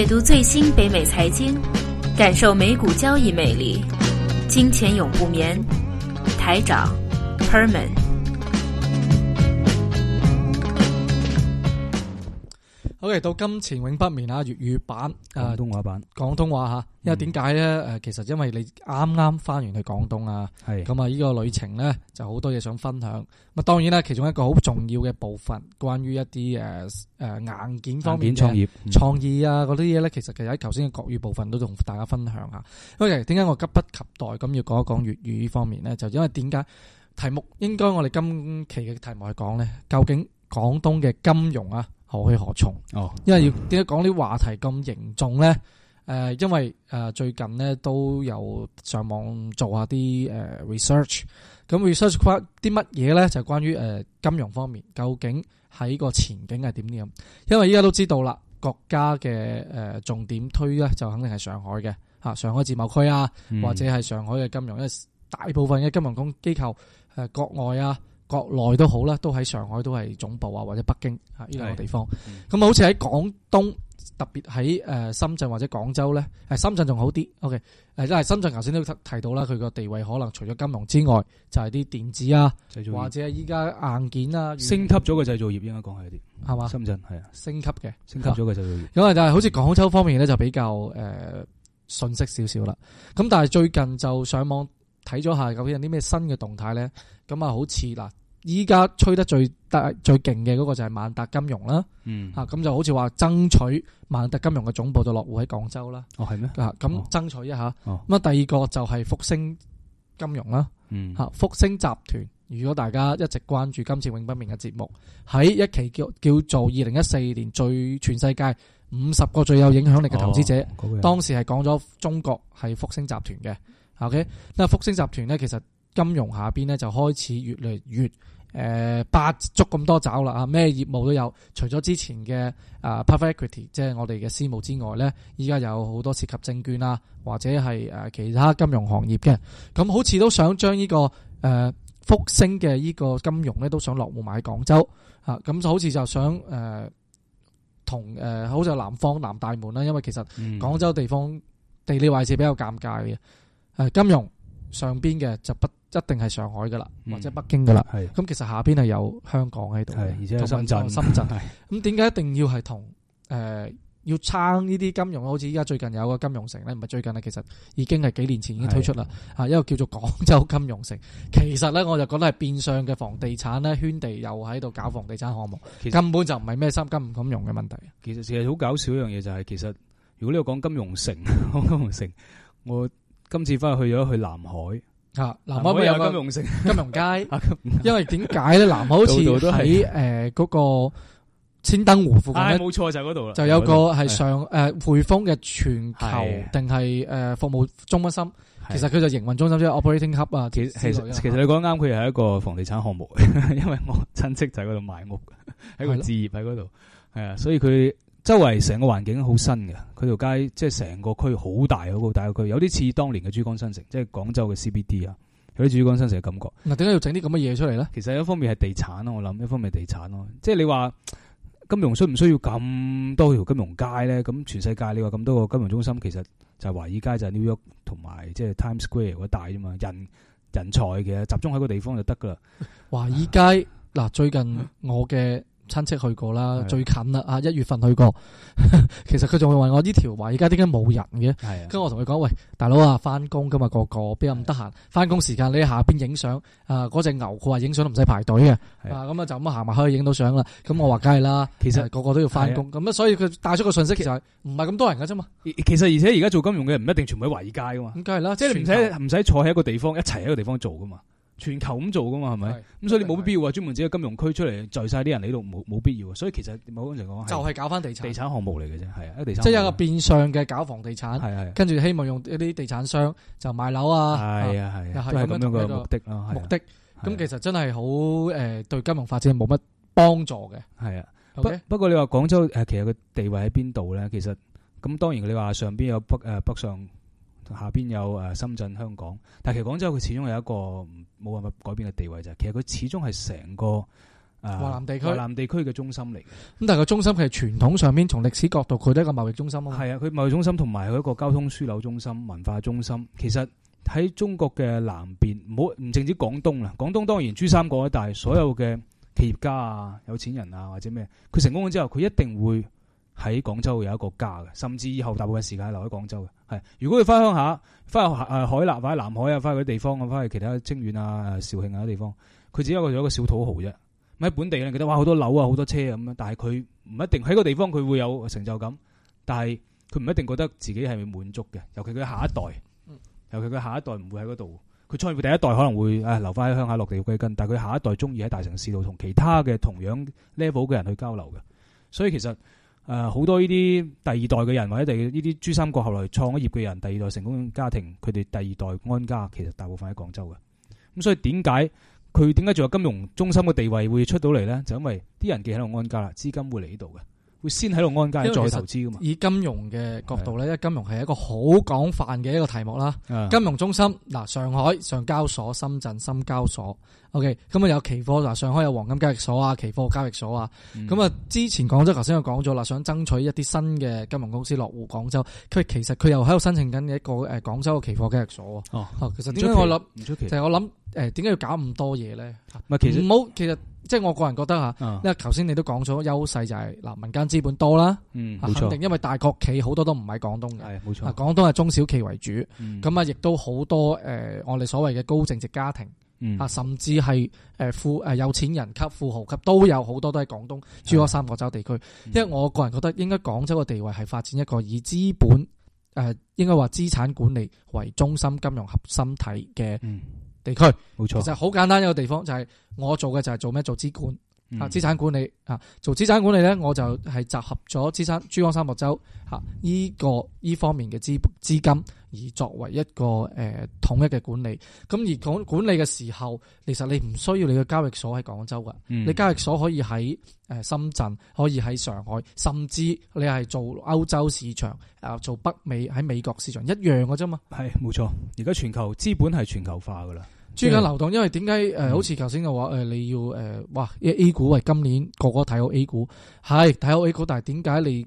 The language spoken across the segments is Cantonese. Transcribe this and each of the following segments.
解讀最新北美財經，感受美股交易魅力。金錢永不眠，台長 Perman。好嚟、okay, 到金錢永不眠啊！粵語版啊，廣東話版，啊、廣東話吓，因為點解咧？誒、嗯，其實因為你啱啱翻完去廣東啊，係咁啊，呢個旅程咧就好多嘢想分享。咁，當然啦，其中一個好重要嘅部分，關於一啲誒誒硬件方面嘅創業、創意啊，嗰啲嘢咧，其實其實喺頭先嘅國語部分都同大家分享下。OK，點解我急不及待咁要講一講粵語方面咧？就因為點解題目應該我哋今期嘅題目係講咧，究竟廣東嘅金融啊？何去何從？哦，因、呃，因為要點解講啲話題咁凝重咧？誒、呃，因為誒最近咧都有上網做下啲誒 research，咁 research 翻啲乜嘢咧？就關於誒金融方面，究竟喺個前景係點樣？因為依家都知道啦，國家嘅誒重點推咧，就肯定係上海嘅嚇，上海自貿區啊，或者係上海嘅金融，嗯、因為大部分嘅金融公機構誒、呃、國外啊。國內都好啦，都喺上海都係總部啊，或者北京啊呢兩個地方。咁、嗯、好似喺廣東，特別喺誒深圳或者廣州咧，誒深圳仲好啲。O K，誒因為深圳頭先都提到啦，佢個地位可能除咗金融之外，就係啲電子啊，或者係依家硬件啊，升級咗個製造業應該講係啲係嘛？吧深圳係啊，升級嘅升級咗個製造業。咁啊，但係好似廣州方面咧就比較誒、呃、信息少少啦。咁、嗯、但係最近就上網。睇咗下究竟有啲咩新嘅動態呢？咁啊，好似嗱，依家吹得最大最勁嘅嗰個就係萬達金融啦。嗯，嚇咁、啊、就好似話爭取萬達金融嘅總部就落戶喺廣州啦。哦，係咩？啊，咁爭取一下。咁啊、哦，第二個就係復星金融啦。嗯，嚇、啊、復星集團，如果大家一直關注金錢永不眠嘅節目，喺一期叫叫做二零一四年最全世界五十個最有影響力嘅投資者，哦那個、當時係講咗中國係復星集團嘅。OK，那復星集團咧，其實金融下邊咧就開始越嚟越誒，八足咁多爪啦啊！咩業務都有，除咗之前嘅誒 private equity，即係我哋嘅私募之外咧，依家有好多涉及證券啦、啊，或者係誒、啊、其他金融行業嘅。咁、啊、好似都想將呢、這個誒復、啊、星嘅呢個金融咧，都想落戶埋喺廣州啊！咁、啊、就好似就想誒、啊、同誒、啊，好似南方南大門啦、啊，因為其實廣州地方、嗯、地理位置比較尷尬嘅。誒，金融上邊嘅就不一定係上海噶啦，或者北京噶啦、嗯。咁其實下邊係有香港喺度，同深圳。咁點解一定要係同誒要撐呢啲金融？好似依家最近有個金融城咧，唔係最近啊，其實已經係幾年前已經推出啦。啊是，一個叫做廣州金融城，其實咧我就覺得係變相嘅房地產咧，圈地又喺度搞房地產項目，其實根本就唔係咩深金唔金融嘅問題。其實其實好搞笑一樣嘢就係，其實、就係、其實如果你講金融城，金融城我。今次翻去去咗去南海啊，南海咪有金融城、金融街，因為點解咧？南海好似喺誒嗰個千燈湖附近，冇錯，就嗰度啦，就有個係上誒匯豐嘅全球定係誒服務中心，其實佢就營運中心，即係 operating hub 啊。其實其實你講啱，佢係一個房地產項目，因為我親戚就喺度買屋，喺個置業喺嗰度，係啊，所以佢。周圍成個環境好新嘅，佢條街即係成個區好大嗰個大個區，有啲似當年嘅珠江新城，即係廣州嘅 CBD 啊，有啲珠江新城嘅感覺。嗱，點解要整啲咁嘅嘢出嚟咧？其實一方面係地產咯，我諗，一方面係地產咯，即係你話金融需唔需要咁多條金融街咧？咁全世界你話咁多個金融中心，其實就係華爾街就係 New York 同埋即係 Times Square 嗰一帶啫嘛，人人才嘅集中喺個地方就得噶啦。華爾街嗱，呃、最近我嘅。親戚去過啦，最近啦啊，一月份去過。其實佢仲會問我呢條華爾街點解冇人嘅？係。跟住我同佢講，喂，大佬啊，翻工噶嘛，個個邊有咁得閒？翻工時間你喺下邊影相啊？嗰隻牛佢話影相都唔使排隊嘅。啊。咁啊就咁行埋去影到相啦。咁我話梗係啦，其實個個都要翻工。咁啊，所以佢帶出個信息，其實唔係咁多人噶啫嘛。其實而且而家做金融嘅人唔一定全部喺華爾街噶嘛。咁梗係啦，即係你唔使唔使坐喺一個地方，一齊喺個地方做噶嘛。全球咁做噶嘛，係咪？咁的所以你冇必要啊，專門整個金融區出嚟，聚晒啲人喺度，冇冇必要啊。所以其實冇嗰陣講，就係搞翻地產、地產項目嚟嘅啫，係啊，地產。即係有個變相嘅搞房地產，的跟住希望用一啲地產商就賣樓啊，係的啊係，都係咁樣嘅目的咯。目的咁其實真係好誒，對金融發展冇乜幫助嘅。係啊，不 Okay? 不過你話廣州誒，其實個地位喺邊度咧？其實咁當然你話上邊有北誒北上，下邊有誒深圳、香港，但其實廣州佢始終有一個冇辦法改變嘅地位就係，其實佢始終係成個、呃、華南地區、南地區嘅中心嚟。咁但係個中心係傳統上面從歷史角度，佢都係一個貿易中心。係啊、嗯，佢貿易中心同埋佢一個交通樞紐中心、文化中心。其實喺中國嘅南邊，唔好唔淨止廣東啦，廣東當然珠三角啊，但係所有嘅企業家啊、有錢人啊或者咩，佢成功咗之後，佢一定會。喺廣州有一個家嘅，甚至以後大部分時間留喺廣州嘅。係如果佢翻鄉下，翻去誒海南或者南海啊，翻去啲地方，翻去其他清遠啊、肇慶啊啲地方，佢只係一個小土豪啫。喺本地咧，覺得哇好多樓啊，好多車咁樣，但係佢唔一定喺個地方佢會有成就感，但係佢唔一定覺得自己係滿足嘅。尤其佢下一代，嗯、尤其佢下一代唔會喺嗰度。佢創業第一代可能會誒留翻喺鄉下落地歸根，但係佢下一代中意喺大城市度同其他嘅同樣 level 嘅人去交流嘅。所以其實。誒好、啊、多呢啲第二代嘅人，或者第呢啲珠三角後來創業嘅人，第二代成功家庭，佢哋第二代安家，其實大部分喺廣州嘅。咁、啊、所以點解佢點解仲有金融中心嘅地位會出到嚟咧？就因為啲人既喺度安家啦，資金會嚟呢度嘅。會先喺度安家再投資噶嘛？以金融嘅角度咧，因為是、啊、金融係一個好廣泛嘅一個題目啦。是啊、金融中心嗱，上海上交所、深圳深交所，OK，咁啊有期貨，嗱上海有黃金交易所啊、期貨交易所啊，咁啊、嗯、之前廣州頭先我講咗啦，想爭取一啲新嘅金融公司落戶廣州，佢其實佢又喺度申請緊一個誒廣州嘅期貨交易所啊。哦、其實點解我諗，就係我諗誒，點解要搞咁多嘢咧？唔好，其實。其實即係我個人覺得吓，因為頭先你都講咗優勢就係嗱，民間資本多啦，嗯，冇錯，肯定因為大國企好多都唔喺廣東嘅，係冇錯，廣東係中小企為主，咁啊、嗯，亦都好多誒，我哋所謂嘅高淨值家庭，啊、嗯，甚至係誒富誒有錢人級富豪級都有好多都喺廣東珠江三角洲地區，嗯、因為我個人覺得應該廣州嘅地位係發展一個以資本誒，應該話資產管理為中心金融核心體嘅。嗯地區冇錯，其實好簡單一個地方就係我做嘅就係做咩做資管、嗯、啊資產管理啊做資產管理呢，我就係集合咗資產珠江三角洲吓呢個呢方面嘅資資金而作為一個誒、呃、統一嘅管理咁、啊、而講管理嘅時候，其實你唔需要你嘅交易所喺廣州噶，嗯、你交易所可以喺誒深圳，可以喺上海，甚至你係做歐洲市場啊，做北美喺美國市場一樣噶啫嘛。係冇錯，而家全球資本係全球化噶啦。中間流動，因為點解？誒、呃，好似頭先嘅話，誒、呃，你要誒、呃，哇！A 股係今年個個睇好 A 股，係睇好 A 股，但係點解你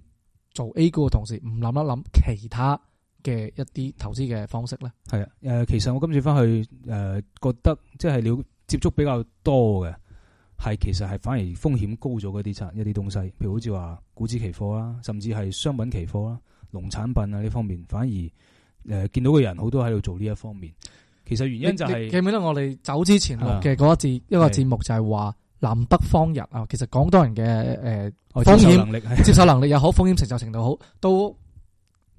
做 A 股嘅同時唔諗一諗其他嘅一啲投資嘅方式咧？係啊，誒、呃，其實我今次翻去誒、呃，覺得即係你接觸比較多嘅，係其實係反而風險高咗嗰啲一啲東西，譬如好似話股指期貨啦，甚至係商品期貨啦、農產品啊呢方面，反而誒、呃、見到嘅人好多喺度做呢一方面。其實原因就係、是、記唔記得我哋走之前錄嘅嗰一節一個節目就係話南北方人啊，其實廣東人嘅誒風險能力、啊呃、接受能力又好，風險承受程度好，都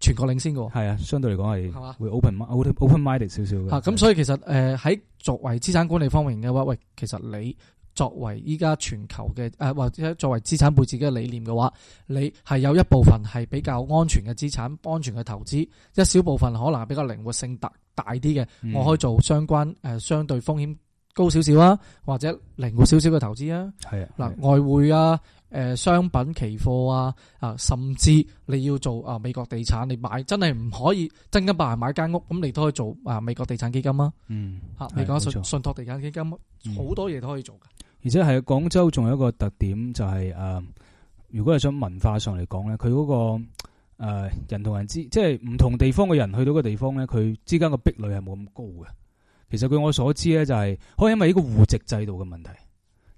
全國領先嘅。係啊，相對嚟講係係會 open、啊、open minded 少少嘅。吓咁、啊，所以其實誒喺、呃、作為資產管理方面嘅話，喂，其實你。作為依家全球嘅，誒、呃、或者作為資產配置嘅理念嘅話，你係有一部分係比較安全嘅資產，安全嘅投資，一小部分可能係比較靈活性大大啲嘅，嗯、我可以做相關誒、呃、相對風險高少少啊，或者靈活少少嘅投資、嗯呃、啊。係、呃、啊，嗱外匯啊，誒商品期貨啊，啊、呃、甚至你要做啊、呃、美國地產，你買真係唔可以真金白銀買間屋，咁你都可以做啊、呃、美國地產基金啊。嗯，吓你講信信託地產基金，金，金，好多嘢都可以做噶。而且係廣州仲有一個特點就係、是、誒、呃，如果係想文化上嚟講咧，佢嗰、那個誒、呃、人同人之即係唔同地方嘅人去到個地方咧，佢之間個壁壘係冇咁高嘅。其實據我所知咧、就是，就係可能因為呢個戶籍制度嘅問題，呢、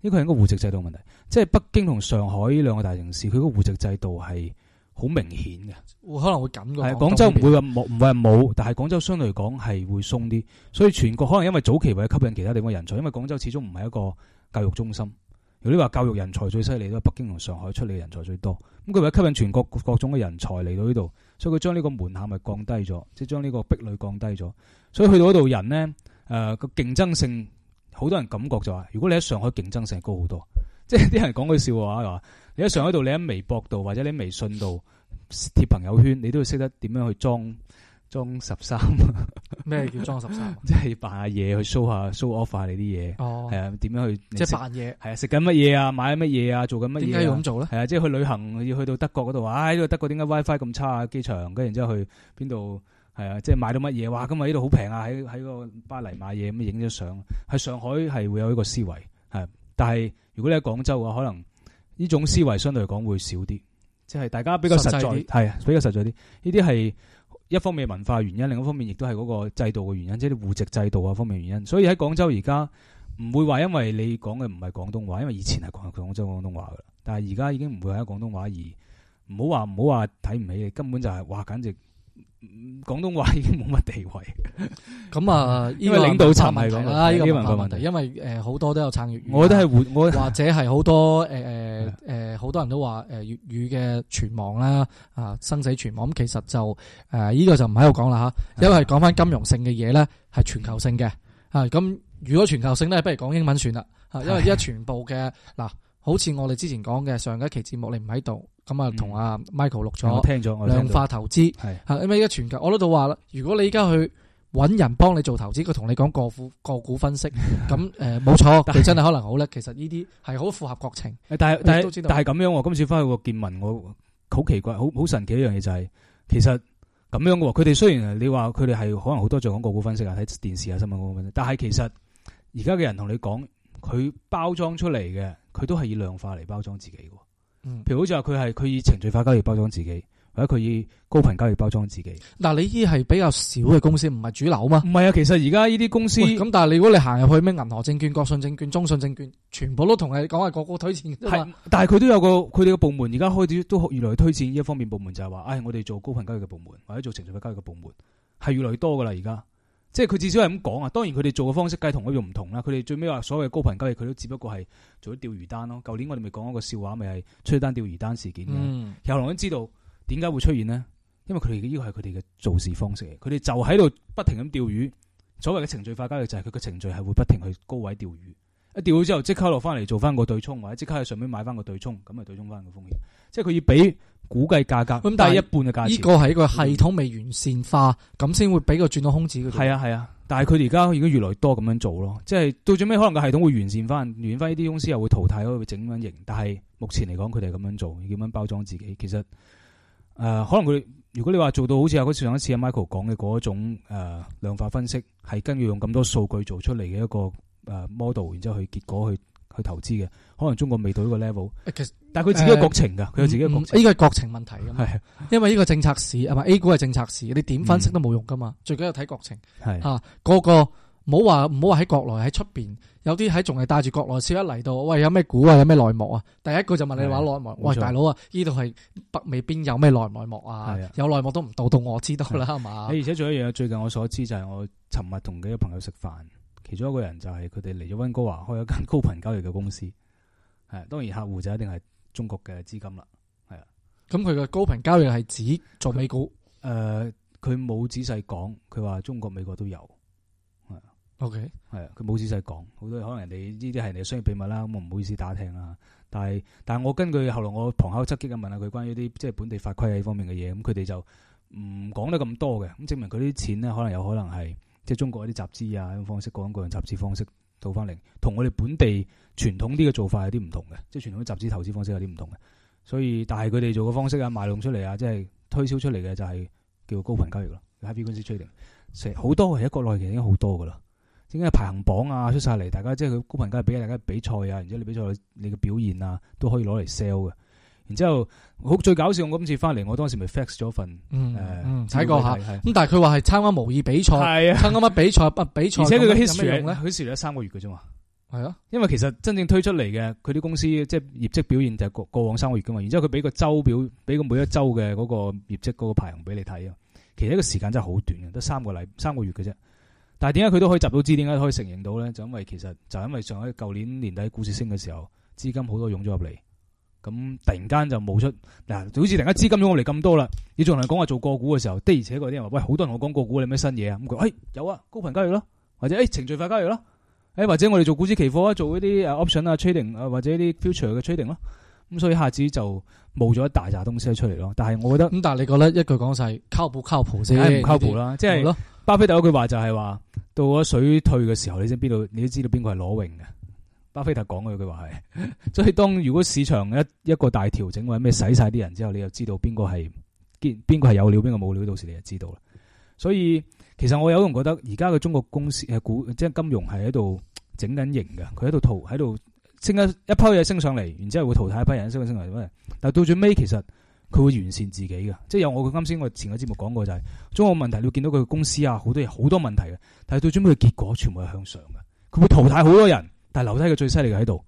這個係一個戶籍制度問題，即係北京同上海呢兩個大城市，佢個戶籍制度係好明顯嘅。會可能會咁嘅。係廣州唔會話冇唔會係冇，但係廣州相對嚟講係會鬆啲。所以全國可能因為早期為吸引其他地方人才，因為廣州始終唔係一個。教育中心，如果你話教育人才最犀利咧，都係北京同上海出嚟嘅人才最多，咁佢為吸引全國各種嘅人才嚟到呢度，所以佢將呢個門檻咪降低咗，即係將呢個壁壘降低咗，所以去到嗰度人呢誒個競爭性好多人感覺就話、是，如果你喺上海競爭性高好多，即係啲人講句笑話係，你喺上海度，你喺微博度或者你喺微信度貼朋友圈，你都會識得點樣去裝。裝十三，咩叫裝十三？即係扮下嘢，去 show 下 show off 下你啲嘢，係啊，點樣去？即係扮嘢，係啊，食緊乜嘢啊？買緊乜嘢啊？做緊乜嘢？點解要咁做咧？係啊，即係去旅行要去到德國嗰度，唉，呢個德國點解 WiFi 咁差啊？機場，跟住然之後去邊度，係啊，即係買到乜嘢？話，咁啊，呢度好平啊！喺喺個巴黎買嘢咁影咗相。喺上海係會有一個思維，係，但係如果你喺廣州嘅話，可能呢種思維相對嚟講會少啲，即係大家比較實在，係啊，比較實在啲。呢啲係。一方面係文化原因，另一方面亦都係嗰個制度嘅原因，即係啲戶籍制度啊方面原因。所以喺廣州而家唔會話因為你講嘅唔係廣東話，因為以前係講廣州廣東話噶，但係而家已經唔會係廣東話而唔好話唔好話睇唔起你，根本就係哇簡直。廣東話已經冇乜地位，咁啊，呢位領導層係咁啦，呢個文化問題，問題因為誒好、呃、多都有撐粵語，我都係會，我或者係好多誒誒誒，好、呃 呃、多人都話誒粵語嘅存亡啦，啊生死存亡，咁其實就誒呢、呃這個就唔喺度講啦吓，因為講翻金融性嘅嘢咧，係全球性嘅啊，咁如果全球性咧，不如講英文算啦啊，因為依家全部嘅嗱， 好似我哋之前講嘅上一期節目，你唔喺度。咁啊，同阿、嗯、Michael 錄咗我聽咗，量化投資係，因為依家全球我都都話啦，如果你依家去搵人幫你做投資，佢同你講個股個股分析，咁誒冇錯，呃、錯但係是真係可能好叻。其實呢啲係好符合國情，但係是但係是但係咁樣。我今次翻去個見聞，我好奇怪，好好神奇一樣嘢就係、是，其實咁樣嘅。佢哋雖然你話佢哋係可能好多做講個股分析啊，睇電視啊、新聞個股分析，但係其實而家嘅人同你講，佢包裝出嚟嘅，佢都係以量化嚟包裝自己嘅。譬如好似話佢係佢以程序化交易包裝自己，或者佢以高頻交易包裝自己。嗱，你依係比較少嘅公司，唔係主流嘛？唔係啊，其實而家依啲公司咁，但係你如果你行入去咩銀河證券、國信證券、中信證券，全部都同你講係個個推薦係，但係佢都有個佢哋嘅部門，而家開始都越嚟越推薦呢一方面部門就，就係話唉，我哋做高頻交易嘅部門，或者做程序化交易嘅部門，係越來越多噶啦而家。即係佢至少係咁講啊，當然佢哋做嘅方式梗係同嗰種唔同啦，佢哋最尾話所謂高頻交易，佢都只不過係做咗釣魚單咯。舊年我哋咪講一個笑話，咪係吹單釣魚單事件嘅。有實都知道點解會出現呢？因為佢哋呢個係佢哋嘅做事方式嚟，佢哋就喺度不停咁釣魚。所謂嘅程序化交易就係佢嘅程序係會不停去高位釣魚。一掉咗之後，即刻落翻嚟做翻個對沖，或者即刻喺上面買翻個對沖，咁咪對沖翻個風險。即係佢要俾估計價格，咁但係一半嘅價錢。呢個係一個系統未完善化，咁先、嗯、會俾個轉到空子嘅。係啊係啊，但係佢哋而家而家越嚟越多咁樣做咯。即係到最尾，可能個系統會完善翻，完善呢啲公司又會淘汰，又會，淘汰又會整緊型。但係目前嚟講，佢哋咁樣做，要點樣包裝自己？其實誒、呃，可能佢如果你話做到好似上一次阿 Michael 講嘅嗰一種誒、呃、量化分析，係根據用咁多數據做出嚟嘅一個，model 然之後去結果去去投資嘅，可能中國未到呢個 level。呃、但係佢自己嘅國情噶，佢、嗯、有自己嘅國情。呢個係國情問題。係的，因為呢個政策市係嘛、嗯、A 股係政策市，你點分析都冇用噶嘛。最緊要睇國情。係的。吓、啊，個個唔好話唔好話喺國內喺出邊，有啲喺仲係帶住國內消息一嚟到，喂，有咩股啊？有咩內幕啊？第一個就問你話內幕，喂，大佬啊，呢度係北美邊有咩內內幕啊？有內幕都唔到到我知道啦，係嘛？而且仲有一樣，最近我所知就係、是、我尋日同幾個朋友食飯。其中一個人就係佢哋嚟咗溫哥華開咗間高頻交易嘅公司，係當然客戶就一定係中國嘅資金啦，係啊。咁佢嘅高頻交易係指做美股？誒、呃，佢冇仔細講，佢話中國美國都有，係啊，O K，係啊，佢冇 Okay. 仔細講，好多可能人哋呢啲係人哋嘅商業秘密啦，咁我唔好意思打聽啊。但係但係我根據後來我旁敲側擊咁問下佢關於啲即係本地法規呢方面嘅嘢，咁佢哋就唔講得咁多嘅，咁證明佢啲錢呢，可能有可能係。即係中國一啲集資啊，咁方式，各樣各樣集資方式，做翻嚟，同我哋本地傳統啲嘅做法有啲唔同嘅，即係傳統啲集資投資方式有啲唔同嘅，所以但係佢哋做嘅方式啊，賣弄出嚟啊，即係推銷出嚟嘅就係叫做高頻交易咯，high frequency trading，成好多係喺國內其實已經好多噶啦，點解排行榜啊出晒嚟，大家即係佢高頻交易俾大家比賽啊，然之後你比賽你嘅表現啊都可以攞嚟 sell 嘅。然之後好最搞笑，我今次翻嚟，我當時咪 fax 咗份，誒睇、嗯呃、過下。咁對但係佢話係參加模擬比賽，參、啊、加乜比賽？不比賽。而且佢嘅 history 用咧 history 得三個月嘅啫嘛。係啊，因為其實真正推出嚟嘅佢啲公司，即係業績表現就係過往三個月噶嘛。然之後佢俾個周表，俾個每一周嘅嗰個業績嗰個排行俾你睇啊。其實呢個時間真係好短嘅，得三個禮三個月嘅啫。但係點解佢都可以集到資，點解可以承認到咧？就因為其實就因為上一舊年年年底股市升嘅時候，資金好多湧咗入嚟。咁突然間就冒出嗱，好似突然間資金湧過嚟咁多啦。你仲能講話做個股嘅時候，的而且確啲人話喂，好多人我講個股，你咩新嘢啊？咁佢誒有啊，高頻交易咯，或者誒、哎、程序化交易咯，誒、哎、或者我哋做股指期貨啊，做嗰啲 option 啊 trading 啊，或者啲 future 嘅 trading 咯。咁所以一下子就冒咗一大紮東西出嚟咯。但係我覺得咁，但係你覺得一句講晒，靠譜靠譜先唔靠譜啦。即係巴菲特有句話就係話，到咗水退嘅時候，你先邊度，你都知道邊個係裸泳嘅。巴菲特講嗰句話係， 所以當如果市場一 一個大調整或者咩洗晒啲人之後，你就知道邊個係堅，邊個係有料，邊個冇料，到時你就知道啦。所以其實我有個人覺得，而家嘅中國公司誒股即係金融係喺度整緊型嘅，佢喺度淘喺度升一一批嘢升上嚟，然之後會淘汰一批人升上嚟。喂，但到最尾其實佢會完善自己嘅，即係有我佢啱先我前個節目講過就係中國問題，你會見到佢嘅公司啊好多嘢好多問題嘅，但係到最尾嘅結果全部係向上嘅，佢會淘汰好多人。但係留低嘅最犀利嘅喺度，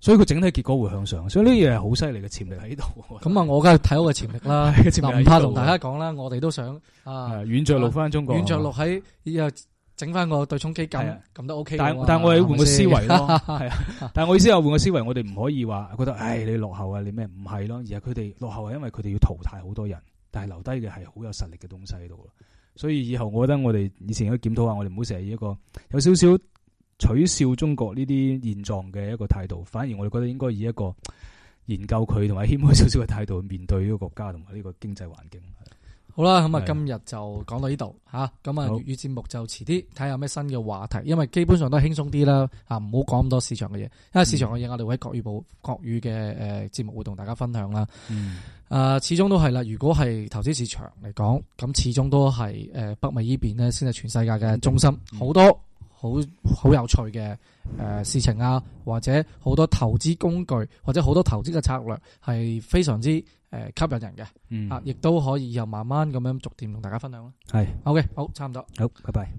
所以佢整體結果會向上，所以呢啲嘢係好犀利嘅潛力喺度。咁啊，我梗係睇好個潛力啦。唔怕同大家講啦，我哋都想啊，軟着陸翻中國，軟着陸喺又整翻個對沖基金咁都、啊、OK 但。但係，我哋換個思維咯。係 啊，但係我意思係換個思維，我哋唔可以話覺得唉，你落後啊，你咩？唔係咯，而係佢哋落後係因為佢哋要淘汰好多人，但係留低嘅係好有實力嘅東西喺度。所以以後我覺得我哋以前檢討要檢討下，我哋唔好成日以一個有少少。取笑中國呢啲現狀嘅一個態度，反而我哋覺得應該以一個研究佢同埋謙虛少少嘅態度去面對呢個國家同埋呢個經濟環境。好啦，咁的啊今日就講到呢度吓，咁啊粵語節目就遲啲睇下有咩新嘅話題，因為基本上都係輕鬆啲啦吓，唔好講咁多市場嘅嘢，因為市場嘅嘢我哋會喺國語部、嗯、國語嘅誒節目會同大家分享啦。誒、嗯啊，始終都係啦，如果係投資市場嚟講，咁始終都係誒北美呢邊咧先係全世界嘅中心，好多、嗯。嗯好好有趣嘅，誒、呃、事情啊，或者好多投資工具，或者好多投資嘅策略，係非常之誒、呃、吸引人嘅。嗯啊，亦都可以以後慢慢咁樣逐漸同大家分享咯。係是，OK，好，差唔多，好，拜拜。